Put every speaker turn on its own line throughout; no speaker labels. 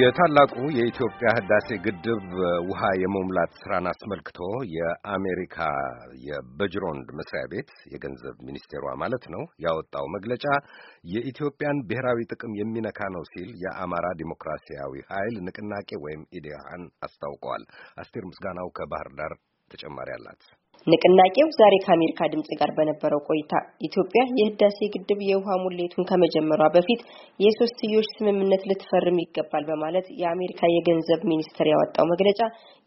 የታላቁ የኢትዮጵያ ህዳሴ ግድብ uh, ውሃ የመሙላት ስራን አስመልክቶ የአሜሪካ የበጅሮንድ መስሪያ ቤት የገንዘብ ሚኒስቴሯ ማለት ነው ያወጣው መግለጫ የኢትዮጵያን ብሔራዊ ጥቅም የሚነካ ነው ሲል የአማራ ዲሞክራሲያዊ ኃይል ንቅናቄ ወይም ኢዲሃን አስታውቀዋል። አስቴር ምስጋናው ከባህር ዳር ተጨማሪ አላት።
ንቅናቄው ዛሬ ከአሜሪካ ድምጽ ጋር በነበረው ቆይታ ኢትዮጵያ የህዳሴ ግድብ የውሃ ሙሌቱን ከመጀመሯ በፊት የሶስትዮሽ ስምምነት ልትፈርም ይገባል በማለት የአሜሪካ የገንዘብ ሚኒስቴር ያወጣው መግለጫ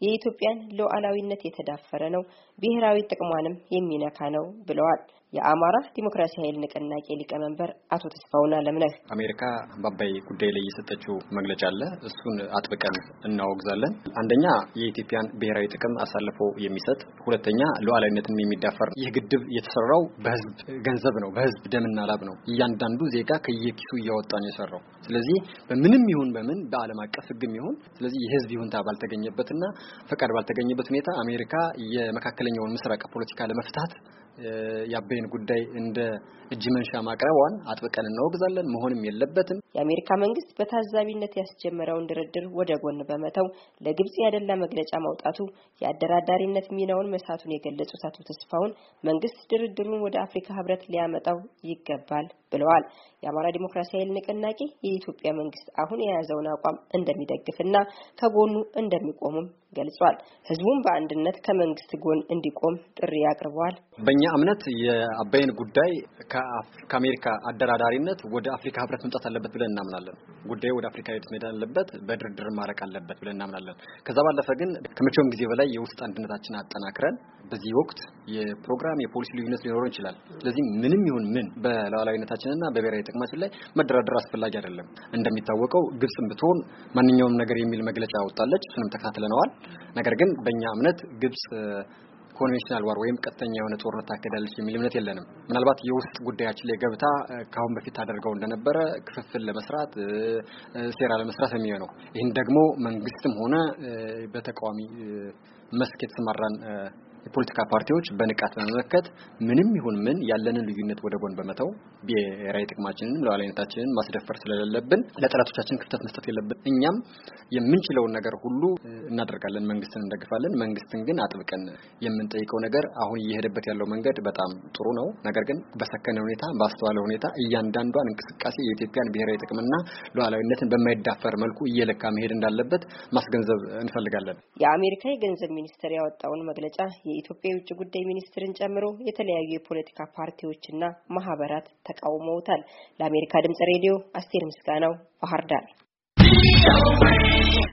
የኢትዮጵያን ሉዓላዊነት የተዳፈረ ነው፣ ብሔራዊ ጥቅሟንም የሚነካ ነው ብለዋል። የአማራ ዲሞክራሲ ኃይል ንቅናቄ ሊቀመንበር አቶ ተስፋውን አለምነህ
አሜሪካ በአባይ ጉዳይ ላይ የሰጠችው መግለጫ አለ። እሱን አጥብቀን እናወግዛለን። አንደኛ የኢትዮጵያን ብሔራዊ ጥቅም አሳልፎ የሚሰጥ ሁለተኛ ሉዓላዊነትን የሚዳፈር ይህ ግድብ የተሰራው በህዝብ ገንዘብ ነው፣ በህዝብ ደምና ላብ ነው። እያንዳንዱ ዜጋ ከየኪሱ እያወጣ ነው የሰራው። ስለዚህ በምንም ይሁን በምን በዓለም አቀፍ ህግም ይሁን ስለዚህ የህዝብ ይሁንታ ባልተገኘበትና ፈቃድ ባልተገኘበት ሁኔታ አሜሪካ የመካከለኛውን ምስራቅ ፖለቲካ ለመፍታት የአባይን ጉዳይ እንደ እጅ መንሻ ማቅረቧን አጥብቀን እናወግዛለን፣ መሆንም የለበትም።
የአሜሪካ መንግስት በታዛቢነት ያስጀመረውን ድርድር ወደ ጎን በመተው ለግብጽ ያደላ መግለጫ ማውጣቱ የአደራዳሪነት ሚናውን መሳቱን የገለጹት አቶ ተስፋውን መንግስት ድርድሩን ወደ አፍሪካ ህብረት ሊያመጣው ይገባል ብለዋል። የአማራ ዲሞክራሲያዊ ኃይል ንቅናቄ የኢትዮጵያ መንግስት አሁን የያዘውን አቋም እንደሚደግፍና ከጎኑ እንደሚቆሙም ገልጿል። ህዝቡም በአንድነት ከመንግስት ጎን እንዲቆም ጥሪ አቅርበዋል።
በእኛ እምነት የአባይን ጉዳይ ከአሜሪካ አደራዳሪነት ወደ አፍሪካ ህብረት መምጣት አለበት ብለን እናምናለን። ጉዳዩ ወደ አፍሪካ ህብረት መሄድ አለበት፣ በድርድር ማረቅ አለበት ብለን እናምናለን። ከዛ ባለፈ ግን ከመቼውም ጊዜ በላይ የውስጥ አንድነታችን አጠናክረን በዚህ ወቅት የፕሮግራም የፖሊሲ ልዩነት ሊኖረው ይችላል። ስለዚህ ምንም ይሁን ምን በሉዓላዊነታችንና በብሔራዊ ጥቅማችን ላይ መደራደር አስፈላጊ አይደለም። እንደሚታወቀው ግብጽ ብትሆን ማንኛውም ነገር የሚል መግለጫ አወጣለች። እሱንም ተከታትለነዋል። ነገር ግን በእኛ እምነት ግብጽ ኮንቬንሽናል ዋር ወይም ቀጥተኛ የሆነ ጦርነት ታካሄዳለች የሚል እምነት የለንም። ምናልባት የውስጥ ጉዳያችን ላይ ገብታ ከአሁን በፊት ታደርገው እንደነበረ ክፍፍል ለመስራት ሴራ ለመስራት የሚሆነው ይህን ደግሞ መንግስትም ሆነ በተቃዋሚ መስክ የተሰማራን የፖለቲካ ፓርቲዎች በንቃት በመመከት ምንም ይሁን ምን ያለንን ልዩነት ወደ ጎን በመተው ብሔራዊ ጥቅማችንን ሉዓላዊነታችንን ማስደፈር ስለሌለብን ለጠላቶቻችን ክፍተት መስጠት የለብን። እኛም የምንችለውን ነገር ሁሉ እናደርጋለን፣ መንግስትን እንደግፋለን። መንግስትን ግን አጥብቀን የምንጠይቀው ነገር አሁን እየሄደበት ያለው መንገድ በጣም ጥሩ ነው። ነገር ግን በሰከነ ሁኔታ ባስተዋለ ሁኔታ እያንዳንዷን እንቅስቃሴ የኢትዮጵያን ብሔራዊ ጥቅምና ሉዓላዊነትን በማይዳፈር መልኩ እየለካ መሄድ እንዳለበት ማስገንዘብ እንፈልጋለን።
የአሜሪካ የገንዘብ ሚኒስቴር ያወጣውን መግለጫ የኢትዮጵያ የውጭ ጉዳይ ሚኒስትርን ጨምሮ የተለያዩ የፖለቲካ ፓርቲዎችና ማህበራት ተቃውመውታል። ለአሜሪካ ድምጽ ሬዲዮ አስቴር ምስጋናው ባህር ዳር